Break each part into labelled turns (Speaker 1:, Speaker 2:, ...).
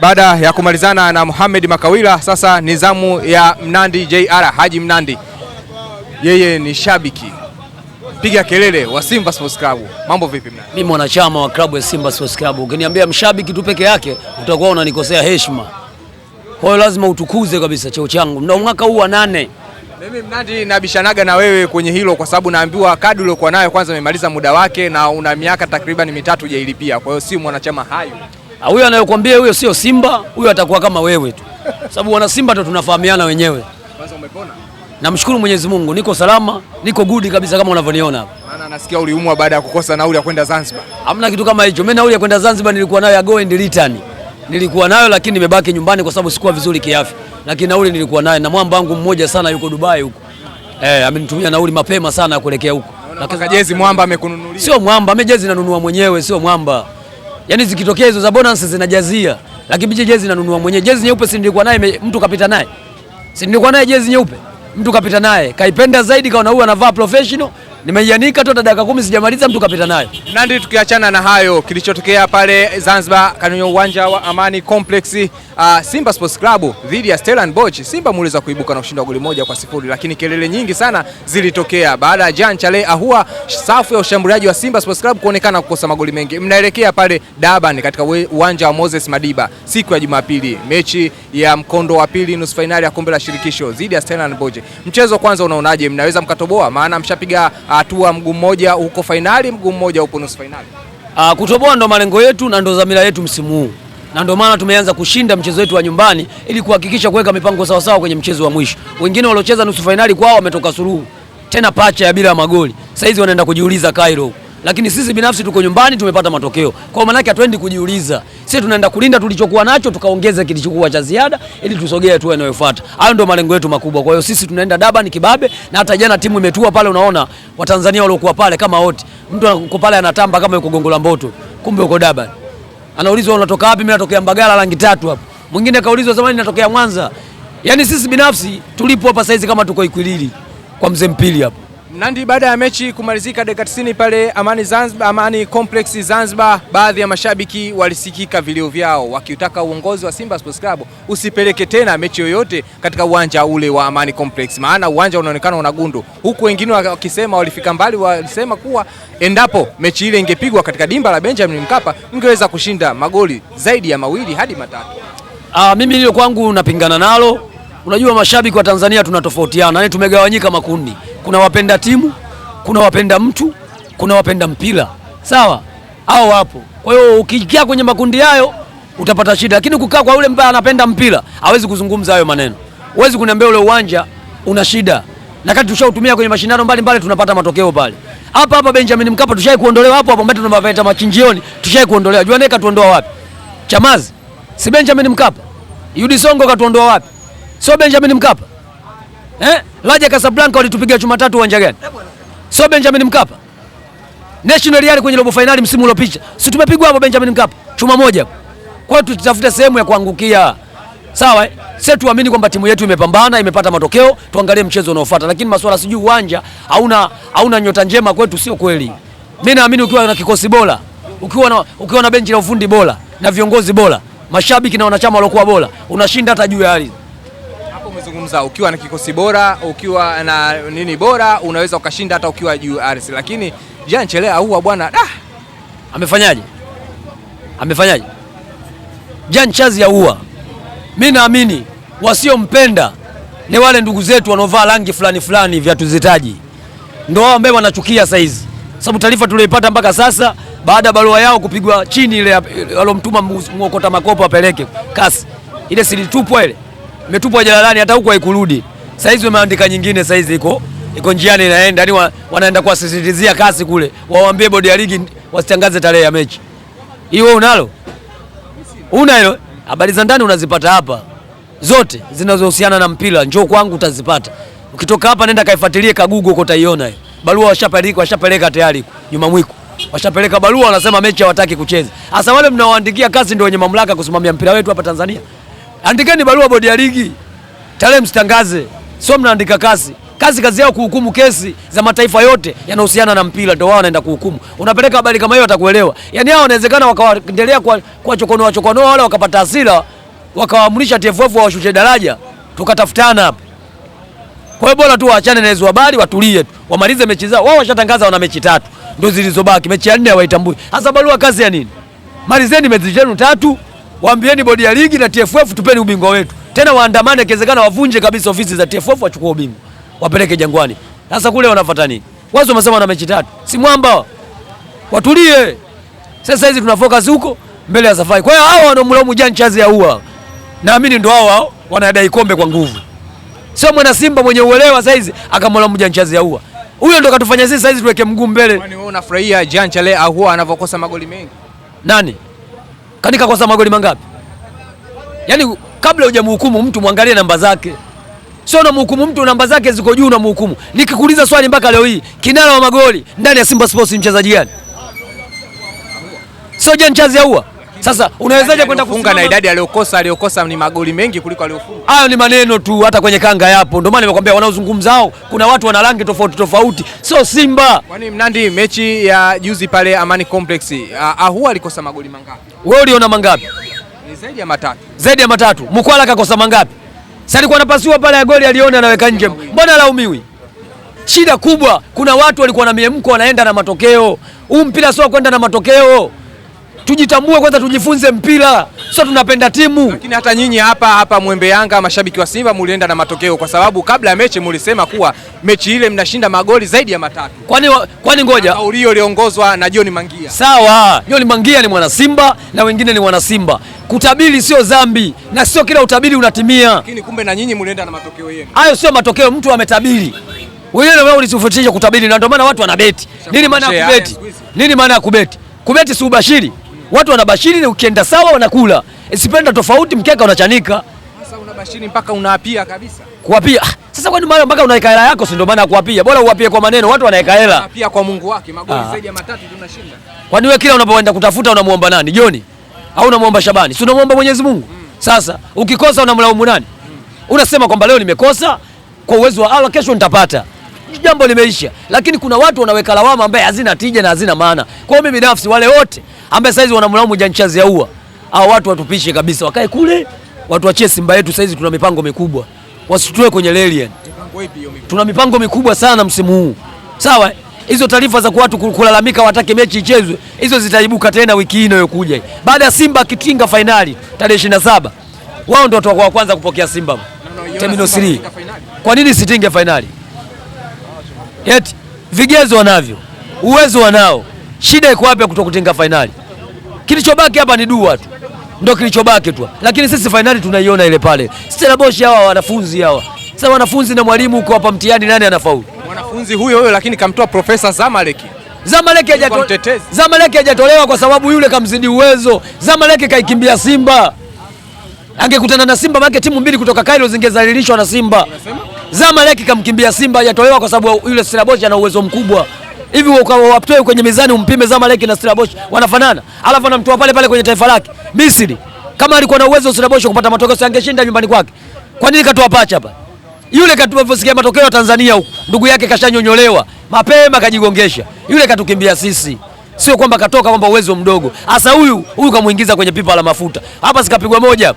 Speaker 1: Baada ya kumalizana na Mohamed Makawila, sasa ni zamu ya Mnandi JR Haji Mnandi. Yeye ni shabiki piga kelele wa Simba Sports Club. Mambo vipi Mnandi?
Speaker 2: Mimi mwanachama wa klabu ya Simba Sports Club. Ukiniambia mshabiki tu peke yake utakuwa unanikosea heshima, kwa hiyo lazima utukuze kabisa cheo changu. Ndio mwaka huu wa nane
Speaker 1: mimi Mnandi nabishanaga na wewe kwenye hilo, kwa sababu naambiwa kadi uliokuwa nayo kwanza imemaliza muda wake, na una miaka takriban mitatu hujailipia, kwa hiyo si mwanachama hayo
Speaker 2: Ah, huyo anayokuambia huyo sio Simba, huyo atakuwa kama wewe tu, sababu wana Simba ndo tunafahamiana wenyewe. Kwanza umepona? Namshukuru Mwenyezi Mungu, niko salama, niko good kabisa kama unavyoniona hapa.
Speaker 1: Maana nasikia uliumwa baada ya kukosa nauli ya kwenda Zanzibar.
Speaker 2: Hamna kitu kama hicho. Mimi nauli ya kwenda Zanzibar nilikuwa nayo ya go and return. Nilikuwa nayo lakini nimebaki nyumbani kwa sababu sikuwa vizuri kiafya. Lakini nauli nilikuwa nayo na mwamba wangu mmoja sana yuko Dubai huko. Eh, amenitumia nauli mapema sana kuelekea huko.
Speaker 1: Na kaka jezi mwamba amekununulia.
Speaker 2: Sio mwamba, mimi jezi nanunua mwenyewe, sio mwamba. Yaani zikitokea hizo za bonus zinajazia. Lakini bichi jezi nanunua mwenyewe. Jezi nyeupe si nilikuwa naye mtu kapita naye. Si nilikuwa naye jezi nyeupe. Mtu kapita naye. Kaipenda zaidi kaona huyu anavaa professional, nimeianika tu dakika kumi sijamaliza, mtu kapita nayo
Speaker 1: Mnandi. Tukiachana na hayo, kilichotokea pale Zanzibar kwenye uwanja wa Amani Complex, uh, Simba Sports Club dhidi ya Stellenbosch. Simba muliweza kuibuka na ushindi wa goli moja kwa sifuri, lakini kelele nyingi sana zilitokea baada ya Jean Chale Ahua, safu ya ushambuliaji wa Simba Sports Club kuonekana kukosa magoli mengi. Mnaelekea pale Durban katika uwanja wa Moses Madiba siku ya Jumapili, mechi ya mkondo wa pili nusu fainali ya kombe la shirikisho dhidi ya Stellenbosch. Mchezo kwanza unaonaje, mnaweza mkatoboa? Maana mshapiga uh, hatua mguu mmoja huko fainali, mguu mmoja huko nusu fainali.
Speaker 2: Uh, ah, kutoboa ndo malengo yetu na ndo dhamira yetu msimu huu, na ndio maana tumeanza kushinda mchezo wetu wa nyumbani ili kuhakikisha kuweka mipango sawasawa kwenye mchezo wa mwisho. Wengine waliocheza nusu fainali kwao wametoka suruhu tena pacha ya bila magoli, hizi wanaenda kujiuliza Cairo lakini sisi binafsi tuko nyumbani tumepata matokeo. Kwa maana yake hatuendi kujiuliza, sisi tunaenda kulinda tulichokuwa nacho tukaongeza kilichokuwa cha ziada ili tusogee hatua inayofuata. Hayo ndio malengo yetu makubwa. Kwa hiyo sisi tunaenda daba ni kibabe, na hata jana timu imetua pale, unaona Watanzania waliokuwa pale kama wote, mtu yuko pale anatamba kama yuko Gongo la Mboto, kumbe yuko daba. Anaulizwa unatoka wapi? Mimi natokea Mbagala rangi tatu hapo. Mwingine kaulizwa zamani natokea Mwanza. Yaani sisi binafsi tulipo hapa saizi kama tuko Ikwilili kwa mzee Mpili hapo
Speaker 1: nandi baada ya mechi kumalizika dakika 90 pale Amani Zanzibar, Amani Complex Zanzibar, baadhi ya mashabiki walisikika vilio vyao wakiutaka uongozi wa Simba Sports Club usipeleke tena mechi yoyote katika uwanja ule wa Amani Complex, maana uwanja unaonekana una gundu, huku wengine wakisema walifika mbali, walisema kuwa endapo mechi ile ingepigwa katika dimba la Benjamin Mkapa ingeweza kushinda magoli zaidi ya mawili hadi matatu.
Speaker 2: Aa, ah, mimi hilo kwangu napingana nalo. Unajua mashabiki wa Tanzania tunatofautiana, yani tumegawanyika makundi kuna wapenda timu, kuna wapenda mtu, kuna wapenda mpira, sawa? Hao wapo. Kwa hiyo ukiingia kwenye makundi hayo utapata shida, lakini kukaa kwa yule mbaya anapenda mpira hawezi kuzungumza hayo maneno. Huwezi kuniambia ule uwanja una shida, na kati tushautumia kwenye mashindano mbalimbali, tunapata matokeo pale hapa hapa Benjamin Mkapa. Tushai kuondolewa hapo hapo mbele, tunapata machinjioni, tushai kuondolewa. Jua Juaneka katuondoa wapi? Chamazi si Benjamin Mkapa? Yudi Songo katuondoa wapi? Sio Benjamin Mkapa? eh? Raja Casablanca walitupiga chuma tatu uwanja gani? Eh, sio Benjamin Mkapa. National Real kwenye robo finali msimu uliopita. Si tumepigwa hapo Benjamin Mkapa chuma moja. Kwa hiyo tutafute sehemu ya kuangukia. Sawa eh? Sasa tuamini kwamba timu yetu imepambana, imepata matokeo, tuangalie mchezo unaofuata. Lakini masuala sijui uwanja hauna hauna nyota njema kwetu sio kweli. Mimi naamini ukiwa na kikosi bora, ukiwa na ukiwa na benchi la ufundi bora na viongozi bora, mashabiki na wanachama waliokuwa bora, unashinda hata juu ya ardhi
Speaker 1: nazungumza ukiwa na kikosi bora, ukiwa na nini bora, unaweza ukashinda hata ukiwa juu ardhi, lakini Jean Chelea huwa bwana ah!
Speaker 2: Amefanyaje? Amefanyaje? Jean Chazi ya huwa, mi naamini wasiompenda ni wale ndugu zetu wanaovaa rangi fulani fulani vya tuzitaji, ndio wao ambao wanachukia hizi, sababu taarifa tulioipata mpaka sasa baada ya barua yao kupigwa chini, ile alomtuma mwokota makopo apeleke kasi ile silitupwa ile imetupwa jalalani, hata huko haikurudi. Sasa Saizi wameandika nyingine, sasa saizi iko iko njiani inaenda, yani wa, wanaenda kuwasisitizia kasi kule, wawaambie bodi ya ligi wasitangaze tarehe ya mechi hiyo. Unalo una hilo? Habari za ndani unazipata hapa zote zinazohusiana na mpira, njoo kwangu utazipata. Ukitoka hapa nenda kaifuatilie kagugo uko utaiona barua washapeleka, washapeleka tayari nyuma mwiko, washapeleka barua, wanasema mechi hawataki kucheza. Hasa wale mnaoandikia kazi ndio wenye mamlaka kusimamia mpira wetu hapa Tanzania andikeni barua bodi ya ligi, tarehe msitangaze, sio mnaandika kasi kazi kazi yao kuhukumu kesi za mataifa yote yanahusiana na mpira, ndio wao wanaenda kuhukumu. Unapeleka habari kama hiyo, watakuelewa. Yani hao wanawezekana wakaendelea kuwachokonoa chokonoa wale, wakapata hasira, wakawaamrisha TFF wawashushe daraja, tukatafutana hapo. Kwa hiyo bora tu waachane na hizo habari, watulie tu, wamalize mechi zao. Wao washatangaza wana mechi tatu ndio zilizobaki, mechi ya nne hawaitambui. Hasa barua kazi ya nini? Malizeni mechi zenu tatu, waambieni bodi ya ligi na TFF tupeni ubingwa wetu. Tena waandamane, ikiwezekana wavunje kabisa ofisi za TFF wachukue ubingwa. Wapeleke Jangwani. Sasa kule wanafuata nini? Wazo wamesema wana mechi tatu. Si mwamba. Watulie. Sasa hizi tuna focus huko mbele ya safari. Kwa hiyo hao wanaomlaumu Jan Chazi ya ua. Naamini ndio hao wanadai kombe kwa nguvu. Sio mwana Simba mwenye uelewa sasa hizi akamlaumu Jan Chazi ya ua. Huyo ndo katufanya sisi sasa hizi tuweke mguu mbele. Kwani
Speaker 1: wewe unafurahia Jan Chale au huwa anavyokosa magoli mengi?
Speaker 2: Nani? katika kosa magoli mangapi? Yaani kabla hujamhukumu mtu mwangalie namba zake. Sio unamhukumu mtu namba zake ziko juu unamhukumu. Nikikuuliza swali mpaka leo hii, kinara wa magoli ndani ya Simba Sports mchezaji gani? Sio Jean Ahoua. Sasa unawezaje yaani kwenda
Speaker 1: kufunga na idadi aliyokosa aliyokosa ni magoli mengi kuliko aliyofunga.
Speaker 2: Hayo ni maneno tu, hata kwenye kanga yapo. Ndio maana nimekwambia wanaozungumzao kuna watu wana rangi tofauti tofauti, sio Simba.
Speaker 1: Kwani Mnandi, mechi ya juzi pale Amani Complex, Ahu alikosa magoli mangapi?
Speaker 2: Wewe uliona mangapi?
Speaker 1: Ni zaidi ya matatu,
Speaker 2: zaidi ya matatu. Mkwala akakosa mangapi? Sasa alikuwa anapasiwa pale ya goli, aliona anaweka nje, mbona laumiwi? Shida kubwa, kuna watu walikuwa na miemko, wanaenda na matokeo. Huu mpira sio kwenda na matokeo. Tujitambue kwanza, tujifunze mpira, sio tunapenda timu.
Speaker 1: Lakini hata nyinyi hapa hapa Mwembe Yanga, mashabiki wa Simba, mulienda na matokeo, kwa sababu kabla ya mechi mulisema kuwa mechi ile mnashinda magoli zaidi ya matatu.
Speaker 2: Kwani kwani ngoja,
Speaker 1: kauli iliongozwa na John Mangia.
Speaker 2: Sawa, John Mangia ni mwana Simba na wengine ni wana Simba. Kutabiri sio dhambi na sio kila utabiri unatimia.
Speaker 1: Lakini kumbe na nyinyi mulienda na matokeo yenu.
Speaker 2: Hayo sio matokeo, mtu ametabiri wewe wewe ulitufundisha kutabiri na ndio maana watu wanabeti. Nini maana ya kubeti? Nini maana ya kubeti? Kubeti si ubashiri watu wanabashiri, ukienda sawa wanakula, sipenda tofauti, mkeka unachanika.
Speaker 1: Sasa unabashiri mpaka unaapia kabisa,
Speaker 2: kuapia ah, sasa kwani mara mpaka unaweka hela yako, si ndio maana kuapia? Bora uapie kwa maneno, watu wanaweka hela.
Speaker 1: Unaapia kwa Mungu wake, magoli ah. zaidi ya matatu tunashinda.
Speaker 2: Kwani wewe kila unapoenda kutafuta unamuomba nani? Joni au unamuomba Shabani? Si unamuomba Mwenyezi Mungu. Hmm. Sasa ukikosa unamlaumu nani? Hmm. Unasema kwamba leo nimekosa, kwa uwezo wa Allah kesho nitapata jambo limeisha, lakini kuna watu wanaweka lawama ambaye hazina tija na hazina maana. Kwa mimi binafsi, wale wote ambaye saizi wanamlaumu Jean-Charles Ahoua, hao watu watupishe kabisa, wakae kule, watu wachie Simba yetu. Saizi tuna mipango mikubwa, wasitue kwenye reli Tuna mipango mikubwa sana msimu huu, sawa hizo taarifa za watu kulalamika watake mechi ichezwe, hizo zitaibuka tena wiki hii inayokuja baada ya Simba kitinga fainali tarehe 27. Wao ndio watakuwa wa kwanza kupokea Simba Terminal 3. Kwa nini sitinge fainali? Yet vigezo wanavyo, uwezo wanao, shida iko wapi ya kutokutinga fainali? Kilichobaki hapa ni dua tu, ndio kilichobaki tu, lakini sisi fainali tunaiona ile pale. Stellenbosch hawa wanafunzi hawa sasa, wanafunzi na mwalimu uko hapa, mtihani nani anafaulu?
Speaker 1: Mwanafunzi huyo huyo, lakini kamtoa Profesa Zamalek.
Speaker 2: Zamalek hajatolewa kwa sababu yule kamzidi uwezo. Zamalek kaikimbia Simba angekutana na Simba maana timu mbili kutoka Cairo zingezalilishwa na Simba. Zamalek kamkimbia Simba, yatolewa kwa sababu yule Stellenbosch ana uwezo mkubwa hivi ukawatoe kwenye mizani umpime Zamalek na Stellenbosch wanafanana, alafu anamtoa pale pale kwenye taifa lake Misri. Kama alikuwa na uwezo Stellenbosch kupata matokeo, angeshinda nyumbani kwake. Kwa nini katoa pacha hapa? Yule vosikia matokeo ya Tanzania huko, ndugu yake kashanyonyolewa mapema, kajigongesha. Yule katukimbia sisi, sio kwamba katoka kwamba uwezo mdogo. Asa huyu huyu kamuingiza kwenye pipa la mafuta hapa, sikapigwa moja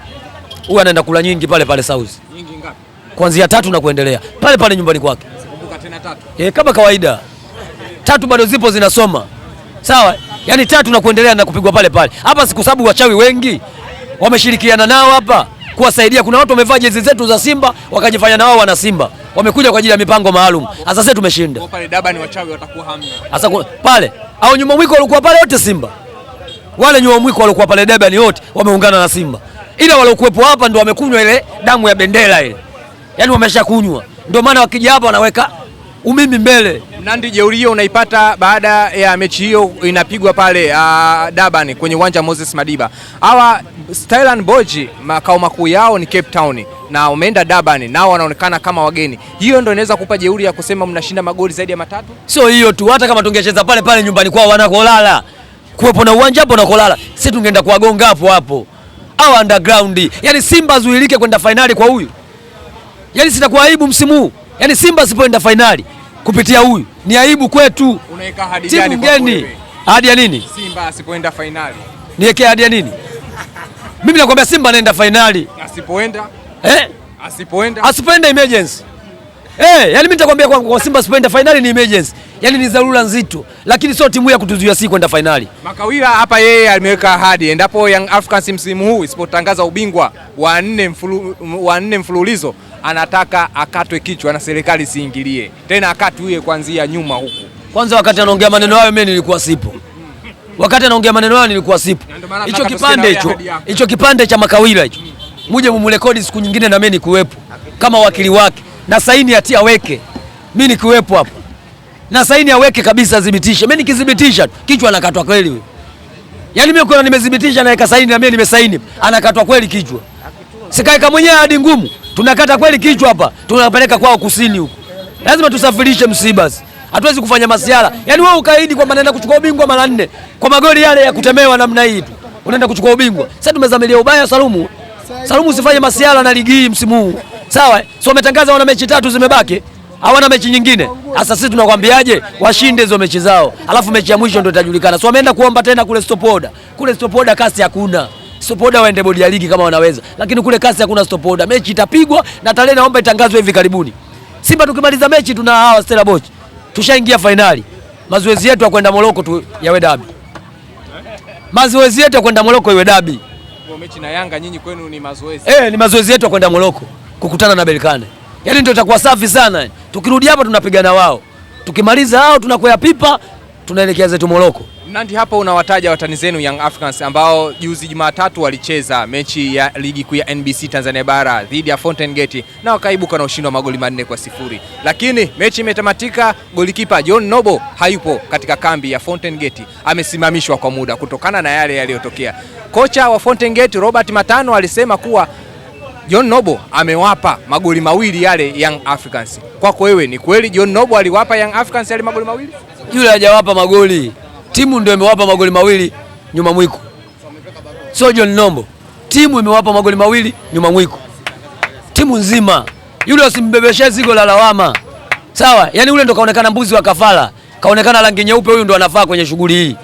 Speaker 2: huyu anaenda kula nyingi pale pale South. Nyingi ngapi? Kuanzia tatu na kuendelea pale pale nyumbani kwake. Sikumbuka tena tatu. E, kama kawaida tatu bado zipo zinasoma sawa, yaani tatu na kuendelea na kupigwa pale pale hapa, siku sababu wachawi wengi wameshirikiana nao hapa kuwasaidia. Kuna watu wamevaa jezi zetu za Simba wakajifanya na wao wana Simba, wamekuja kwa ajili ya mipango maalum. Sasa sisi tumeshinda
Speaker 1: pale, daba ni wachawi watakuwa hamna.
Speaker 2: Sasa pale au nyuma mwiko walikuwa pale wote Simba, wale nyuma mwiko walikuwa pale daba ni wote wameungana na Simba ila waliokuwepo hapa ndo wamekunywa ile damu ya bendera ile, yaani wameshakunywa, ndio maana wakija hapa wanaweka umimi mbele.
Speaker 1: Mnandi, jeuri hiyo unaipata baada ya mechi hiyo inapigwa pale uh, Durban kwenye uwanja Moses Madiba. Hawa Stellenbosch makao makuu yao ni Cape Town na umeenda Durban nao wanaonekana kama wageni. Hiyo ndio inaweza kupa jeuri ya kusema mnashinda magoli zaidi ya matatu.
Speaker 2: Sio hiyo tu, hata kama tungecheza pale pale nyumbani kwao wanakolala, kuwepo na uwanja hapo na kulala, sisi tungeenda kuwagonga hapo hapo au underground. Yaani Simba zuilike kwenda fainali kwa huyu, yaani sitakuwa aibu msimu huu, yaani Simba asipoenda fainali kupitia huyu ni aibu kwetu.
Speaker 1: Unaweka hadi gani Timu mgeni? Hadi ya nini? Simba asipoenda fainali
Speaker 2: niweke hadi ya nini? Mimi nakwambia Simba anaenda fainali asipoenda, eh?
Speaker 1: asipoenda,
Speaker 2: asipoenda emergency Eh, hey, yaani mimi nitakwambia kwa, kwa Simba sipoenda finali ni emergency. Yaani ni dharura nzito, lakini sio timu ya kutuzuia si kwenda finali.
Speaker 1: Makawira hapa yeye ameweka ahadi endapo Young Africans msimu huu isipotangaza ubingwa wa nne mfulu, wa nne mfululizo anataka akatwe kichwa na serikali siingilie. Tena akatwe kuanzia nyuma huku.
Speaker 2: Kwanza wakati anaongea maneno hayo mimi nilikuwa sipo. Wakati anaongea maneno hayo nilikuwa sipo. Hicho kipande hicho, hicho kipande cha Makawira hicho. Muje mumrekodi siku nyingine na mimi nikuwepo kama wakili wake na saini ati aweke, mi nikiwepo hapo na saini aweke kabisa, adhibitishe. Mi nikidhibitisha kichwa anakatwa kweli wewe. Yaani mimi kuna nimedhibitisha naweka saini na mimi nimesaini, anakatwa kweli kichwa. Sikaeka mwenyewe hadi ngumu, tunakata kweli kichwa hapa, tunapeleka kwao kusini huko. Lazima tusafirishe msiba. Hatuwezi kufanya masiara. Yaani wewe ukaahidi kwamba naenda kuchukua ubingwa mara nne kwa magoli yale ya kutemewa namna hii tu. Unaenda kuchukua ubingwa. Sasa tumezamilia ubaya Salumu. Salumu usifanye masiara na ligi msimu huu sawa. So wametangaza wana mechi tatu zimebaki, hawana mechi nyingine. Sasa sisi tunakwambiaje? Washinde hizo mechi zao, alafu mechi ya mwisho ndio itajulikana. So wameenda kuomba tena kule stop order, kule stop order kasi hakuna stop order waende bodi ya ligi kama wanaweza, lakini kule kasi hakuna stop order. Mechi itapigwa na tarehe naomba itangazwe hivi karibuni. Simba tukimaliza mechi tuna hawa Stella Boch, tushaingia fainali. Mazoezi yetu ya kwenda Moroko tu yawe dabi, mazoezi yetu ya kwenda Moroko iwe dabi.
Speaker 1: Mechi na Yanga nyinyi kwenu ni mazoezi
Speaker 2: eh? Ni mazoezi yetu ya kwenda Moroko kukutana na Berkane. Yaani ndio itakuwa safi sana. Tukirudi hapa tunapigana wao. Tukimaliza hao tunakwea pipa tunaelekea zetu Moroko.
Speaker 1: Nandi, hapo unawataja watani zenu Young Africans ambao juzi Jumatatu walicheza mechi ya ligi kuu ya NBC Tanzania bara dhidi ya Fountain Gate na wakaibuka na ushindi wa magoli manne kwa sifuri, lakini mechi imetamatika, golikipa John Nobo hayupo katika kambi ya Fountain Gate, amesimamishwa kwa muda kutokana na yale yaliyotokea. Kocha wa Fountain Gate Robert Matano alisema kuwa John Nobo amewapa magoli mawili yale Young Africans. Kwako wewe ni kweli John Nobo aliwapa Young Africans yale magoli mawili?
Speaker 2: Yule hajawapa magoli, timu ndio imewapa magoli mawili nyuma mwiku, sio John Nobo. Timu imewapa magoli mawili nyuma mwiko. timu nzima. Yule asimbebeshe zigo la lawama, sawa? Yani yule ndo kaonekana mbuzi wa kafara, kaonekana rangi nyeupe, huyu ndo anafaa kwenye shughuli hii.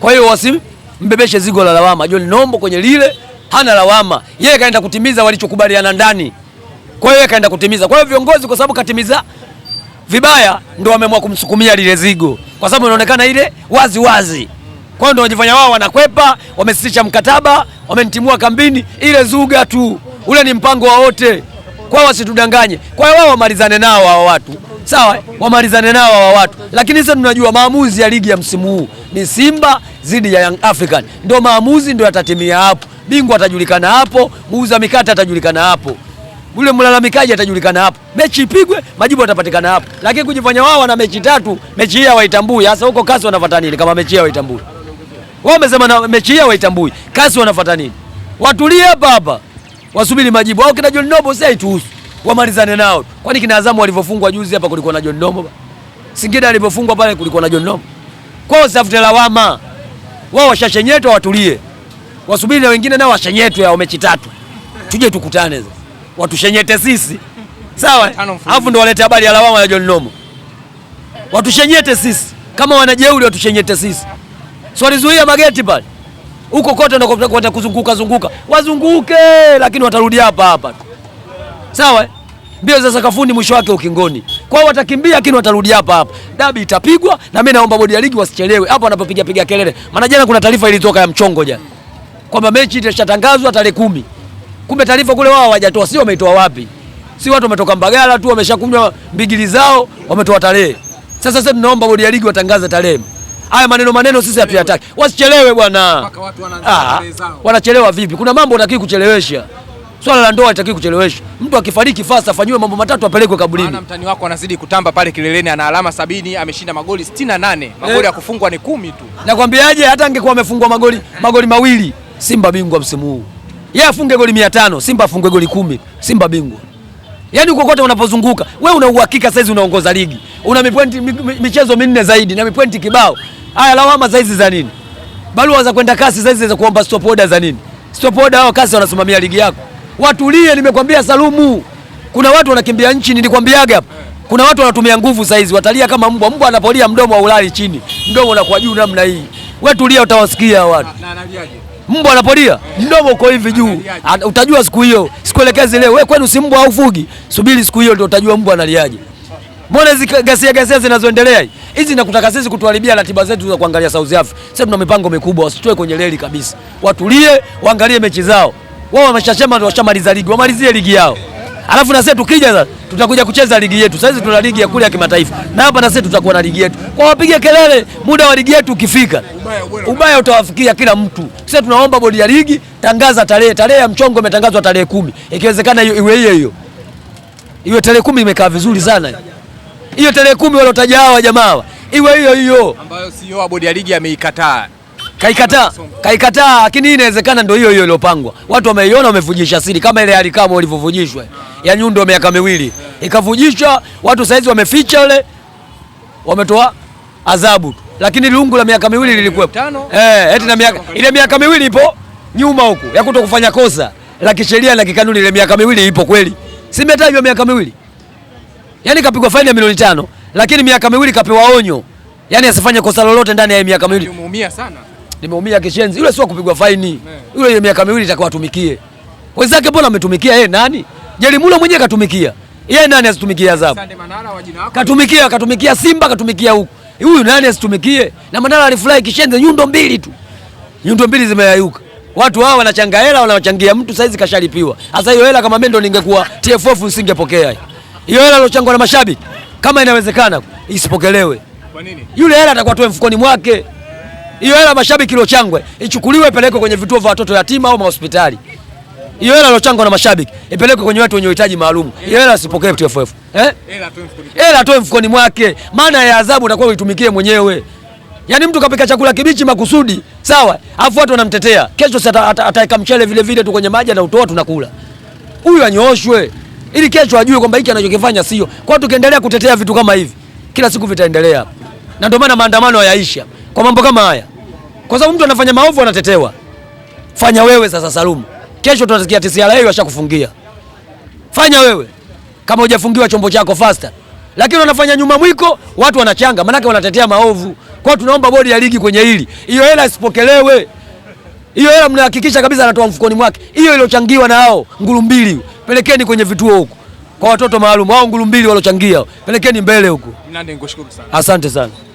Speaker 2: Kwa hiyo wasimbebeshe zigo la lawama John Nobo kwenye lile hana lawama, yeye kaenda kutimiza walichokubaliana ndani. Kwa hiyo kaenda kutimiza. Kwa hiyo viongozi, kwa sababu katimiza vibaya, ndo wameamua kumsukumia lile zigo, kwa sababu inaonekana ile wazi wazi. Kwa hiyo ndo wajifanya wao wanakwepa, wamesitisha mkataba, wamenitimua kambini. Ile zuga tu, ule ni mpango wa wote, kwa wasitudanganye. Kwa hiyo wao wamalizane nao hao watu Sawa, wamalizane nao hawa watu, lakini sasa tunajua maamuzi ya ligi ya msimu huu ni Simba dhidi ya Young African, ndio maamuzi ndio yatatimia hapo bingwa atajulikana hapo, muuza mikate atajulikana hapo, yule mlalamikaji atajulikana hapo, mechi ipigwe, majibu yatapatikana hapo. Lakini kujifanya wao wana mechi tatu, mechi hii hawaitambui. Sasa huko kasi wanafuata nini kama mechi hii hawaitambui? Wao wamesema na mechi hii hawaitambui, kasi wanafuata nini? Watulie hapa hapa, wasubiri majibu au kina John Nobo, sasa ituhusu wamalizane nao. Kwani kina Azamu walivyofungwa juzi hapa kulikuwa na John Nobo? Singida alivyofungwa pale kulikuwa na John Nobo? Kwao safute lawama wao, washashenyetwa, watulie wasubiri na wengine nao washenyetwe, au mechi tatu tuje tukutane sasa, watushenyete sisi sawa, alafu ndo walete habari ya lawama ya John Nomo, watushenyete sisi kama wanajeuri, watushenyete sisi si zuia mageti pale huko kote, ndo kwenda kuzunguka zunguka, wazunguke, lakini watarudi hapa hapa sawa. Eh? Mbio za sakafuni mwisho wake ukingoni kwao, watakimbia lakini watarudi hapa hapa. Dabi itapigwa na mimi naomba bodi ya ligi wasichelewe hapo wanapopiga piga kelele, maana jana kuna taarifa ilitoka ya mchongo jana kwamba mechi itashatangazwa tarehe kumi. Kumbe taarifa kule wao hawajatoa, si wameitoa wapi? Si watu wametoka Mbagala tu wameshakunywa mbigili zao, wametoa tarehe. Sasa sasa mnaomba bodi ya ligi watangaze tarehe. Haya maneno maneno sisi hatuyataki. Wasichelewe bwana. Ah, wanachelewa vipi? Kuna mambo unataki kuchelewesha. Swala la ndoa litaki kucheleweshwa. Mtu akifariki fasa afanywe mambo matatu apelekwe kaburini. Maana
Speaker 1: mtani wako anazidi kutamba pale kileleni, ana alama sabini, ameshinda magoli 68. Magoli eh. ya kufungwa ni kumi tu.
Speaker 2: Nakwambiaje, hata angekuwa amefungwa magoli magoli mawili Simba bingwa msimu huu. Yeye afunge goli 500, Simba afunge goli kumi, Simba bingwa. Yaani kokote unapozunguka, wewe una uhakika sasa hizi unaongoza ligi. Una mipointi michezo minne zaidi na mipointi kibao. Haya lawama za hizi za nini? Barua za kwenda kasi za hizi za kuomba stop order za nini? Stop order hao kasi wanasimamia ligi yako. Watulie, nimekwambia Salumu. Kuna watu wanakimbia nchi, nilikwambiaga hapa. Kuna watu wanatumia nguvu saa hizi, watalia kama mbwa. Mbwa anapolia mdomo wa ulali chini, mdomo unakuwa juu namna hii. Wewe tulia, utawasikia watu. Na, na, na, mbwa anapolia mdomo uko hivi juu, utajua siku hiyo. Sikuelekezi leo, wewe kwenu si mbwa au fugi? Subiri siku hiyo ndio utajua mbwa analiaje. Mbona hizi gasia gasia zinazoendelea hizi nakutaka sisi kutuharibia ratiba zetu za kuangalia South Africa. Sasa tuna mipango mikubwa, wasitoe kwenye reli kabisa, watulie, waangalie mechi zao. Wao wameshashema ndio washamaliza ligi, wamalizie ligi yao. Alafu na sisi tukija tutakuja kucheza ligi yetu. Sasa tuna ligi ya kule ya kimataifa. Na hapa na sisi tutakuwa na ligi yetu. Kwa wapige kelele muda wa ligi yetu ukifika. Ubaya utawafikia kila mtu. Sisi tunaomba bodi ya ligi tangaza tarehe. Tarehe ya mchongo imetangazwa tarehe kumi. Ikiwezekana hiyo iwe hiyo hiyo. Iwe tarehe kumi imekaa vizuri sana. Hiyo tarehe kumi walotaja hawa jamaa. Iwe hiyo hiyo.
Speaker 1: Ambayo CEO wa bodi ya ligi ameikataa.
Speaker 2: Kaikataa, kaikataa, lakini inawezekana ndio hiyo hiyo iliyopangwa. Watu wameiona, wamevujisha siri, kama ile alikamo ilivyovujishwa eh, ya nyundo miaka miwili ikavujishwa. Watu saizi wameficha ile, wametoa adhabu, lakini lungu la miaka miwili lilikuwepo eh, eti na miaka ile miaka miwili ipo nyuma huku ya kuto kufanya kosa la kisheria na kikanuni. Ile miaka miwili ipo kweli, simetajwa miaka miwili, yani kapigwa faini ya milioni tano, lakini miaka miwili kapewa onyo, yani asifanye kosa lolote ndani ya miaka miwili.
Speaker 1: Umeumia sana
Speaker 2: nimeumia kishenzi. Yule sio kupigwa faini, yule ile miaka miwili itakuwa atumikie. Wenzake mbona ametumikia yeye nani? jeli Jelimulo mwenyewe katumikia yeye nani asitumikie adhabu? Katumikia, katumikia Simba, katumikia huku, huyu nani asitumikie? Na Manara alifurahi kishenzi, nyundo mbili tu, nyundo mbili zimeyayuka. Watu hawa wanachanga hela, wanachangia mtu saizi kashalipiwa. Sasa hiyo hela kama mimi ndo ningekuwa TFF usingepokea hiyo hela alochangwa na mashabiki, kama inawezekana isipokelewe. Kwa nini? Yule hela atakuwa toe mfukoni mwake. Hiyo hela mashabiki Lochangwe ichukuliwe ipelekwe kwenye vituo vya watoto yatima au mahospitali. Hiyo hela Lochangwe na mashabiki ipelekwe kwenye watu wenye uhitaji maalum. Hiyo hela asipokee TFF. Eh? Hela atoe mfukoni mwake. Maana ya adhabu utakuwa uitumikie mwenyewe. Yaani mtu kapika chakula kibichi makusudi, sawa? Alafu watu wanamtetea. Kesho si ataweka mchele vile vile tu kwenye maji na utoa tunakula. Huyu anyooshwe ili kesho ajue kwamba hiki anachokifanya sio. Kwa tukiendelea kutetea vitu kama hivi, kila siku vitaendelea. Na ndio maana maandamano hayaisha kwa mambo kama haya kwa sababu mtu anafanya maovu anatetewa. Fanya wewe sasa, Salumu. Kesho tunasikia TCRA washakufungia. Fanya wewe kama hujafungiwa chombo chako fasta, lakini wanafanya nyuma mwiko, watu wanachanga, manake wanatetea maovu. Kwa tunaomba bodi ya ligi kwenye hili, hiyo hela isipokelewe. Hiyo hela mnahakikisha kabisa anatoa mfukoni mwake, hiyo ilochangiwa na hao nguru mbili, pelekeni kwenye vituo huko kwa watoto maalum. Hao nguru mbili walochangia, pelekeni mbele huko. Asante sana.